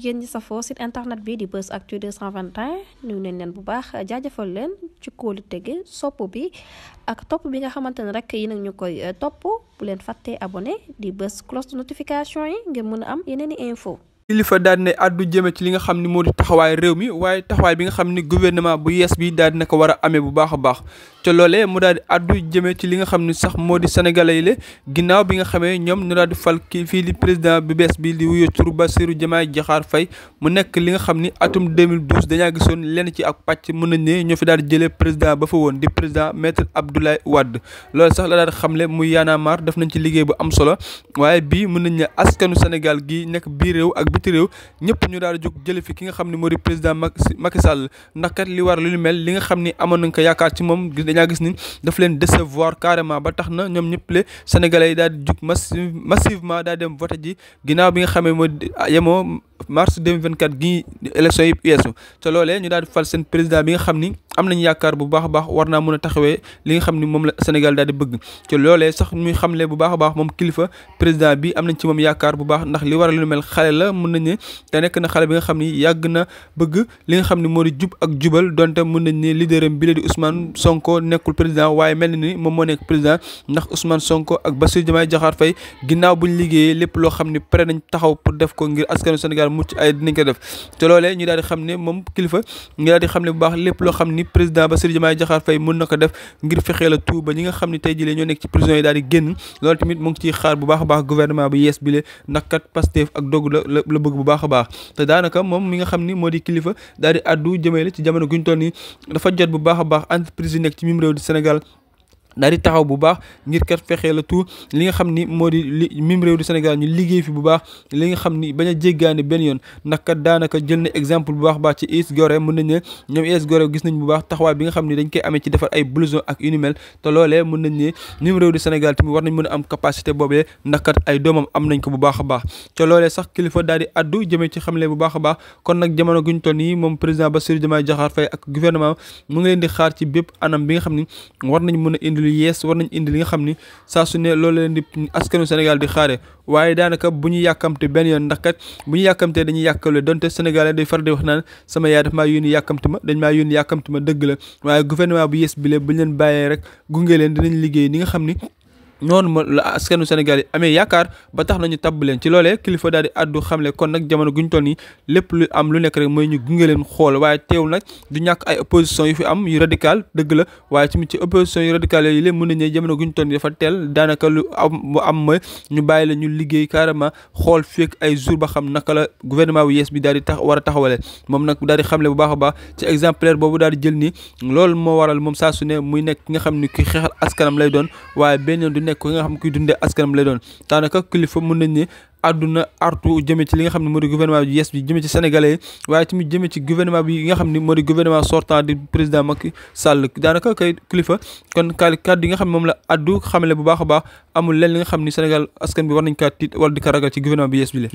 yéen ñi safoo site internet bi di Buzz Actu 221 nuyu nañ leen bu baax jaajëfal leen ci kóolute gi sopp bi ak topp bi nga xamante ne rek yi nag ñu koy euh, topp bu leen fàttee abonné di bës cloche de notification yi ngir mën a am yeneen i info kilifa daal ne addu jëme ci li nga xam ni moo di taxawaay réew mi waaye taxawaay bi nga xam ni gouvernement bu yees bi daal dina ko war a amee bu baax a baax ca loolee mu daal di addu jëmee ci li nga xam ne sax moo di sénégalais yi la ginnaaw bi nga xamee ñoom ñu daal di fal kii fii di président bi bees bi di wuyoo turu Bassirou Diomaye Diakhar Faye mu nekk li nga xam ni atum 2012 dañaa gisoon lenn ci ak pàcc mën nañ ne ñoo fi daal di jëlee président ba fa woon di président maître Abdoulaye Wade loolu sax la daal xam xamle muy yaanaamaar def nañ ci liggéey bu am solo waaye bii mën nañ ne askanu Sénégal gi nekk biir réew ak biti réew ñëpp ñu daal di jóg jële fi ki nga xam ne moo di président Macky Sall ndax kat li lu mel li nga xam ni amoon nañ ko yaakaar ci moom dañaa gis ni daf leen décevoir carrément ba tax na ñoom ñëpp le sénégalais yi daal di jug massivement daal dem voté ji ginnaaw bi nga xamee moo ah, yemoo vingt 2024 gi élection yi UESU te loolee ñu daal di fal seen président bi nga xam ni am nañ yaakaar bu baax a baax war naa mën a taxawee li nga xam ni moom la Sénégal daal di bëgg te loolee sax muy xamle bu baax a baax moom kilifa président bi am nañ ci moom yaakaar bu baax ndax li waral lu mel xale la mën nañ ne te na xale bi nga xam ni yàgg na bëgg li nga xam ni moo di jub ak jubal donte mën nañ ne leaderam bi la di Ousmane Sonko nekkul président waaye mel na ni moom moo nekk président ndax Ousmane Sonko ak Bassirou Diomaye Diakhar Faye ginnaaw buñ liggéeyee lépp loo xam ni pare nañ taxaw pour def ko ngir askanu Sénégal mucc ay dinañ ko def te ñu daal di xam ne moom kilifa ñu daal di xam ne bu baax lépp loo xam ni président président Bassirou Diomaye Diakhar Faye mën na ko def ngir la a ba ñi nga xam ne tey jii ñoo nekk ci prison yi daal di génn loolu tamit mu ngi ciy xaar bu baax a baax gouvernement bi yees bi le ndax kat Pastef ak dogg la la bëgg bu baax baax te daanaka moom mi nga xam ni moo di kilifa daal di addu jëmee la ci jamono guñ toll ni dafa jot bu baax a baax entreprise yi nekk ci mim réew di Sénégal daal di taxaw bu baax ngir kat fexe la tout li nga xam ni moo di li mim réew du Sénégal ñu liggéey fi bu baax li nga xam ni bañ a jéggaani benn yoon ndax kat daanaka jël na exemple bu baax baax ci US Gorée mën nañ ne ñoom gis nañ bu baax taxawaay bi nga xam ni dañ koy amee ci defar ay blouson ak yu ni mel mën nañ ne mim réew du Sénégal tamit war nañ mën a am capacité boobee ndax kat ay doomam am nañ ko bu baax a baax te loolee sax kilifa daal di addu jëmee ci xamle bu baax a baax kon nag jamono guñ toll nii moom président ba Diomaye Diakhar Faye ak gouvernement mu ngi leen di xaar ci bépp anam bi nga xam ni war nañ mën a indi lu yees war nañ indi li nga xam ni saa su ne loolu leen di askanu Sénégal di xaare waaye daanaka bu ñu yàkkamte benn yoon ndax kat bu ñu yàkkamtee dañuy yàkkale donte Sénégal day far di wax naan sama yaay daf maa yónni yàkkamte ma dañ maa yónni yàkkamte ma dëgg la waaye gouvernement bu yees bi le bu ñu leen bàyyee rek gunge leen dinañ liggéey ni nga xam ni noonu la askanu Sénégal yi amee yaakaar ba tax nañu tabb leen ci loolee kilifa daal di xamle kon nag jamono guñ toll nii lépp lu am lu nekk rek mooy ñu gunge leen xool waaye teewul nag du ñàkk ay opposition yu fi am yu radical dëgg la waaye mi ci opposition yu radical yooyu lépp mën nañu ne jamono guñ toll nii dafa teel daanaka lu am mu am mooy ñu bàyyi la ñu liggéey carrément xool fekk ay jour ba xam naka la gouvernement bu yees bi daal di tax war a taxawalee moom nag daal di xamle bu baax a baax ci exemplaire boobu daal di jël nii loolu moo waral moom saa su ne muy nekk ki nga xam ne ki askanam lay doon ko nga xam kuy dundee askanam lay doon daanaka kilifa mën nañ ne àdduna artu jëme ci li nga xam ne moo di gouvernement bi yes bi jëme ci sénégalais yi waaye tamit jëme ci gouvernement bi nga xam ne moo di gouvernement sortant di président Macky Sall daanaka kay kilifa kon kaali kàddu yi nga xam ne moom la addu xamale bu baax a baax amul leen li nga xam ne Sénégal askan bi war nañ kaa tiit wala di ko ragal ci gouvernement bi yes le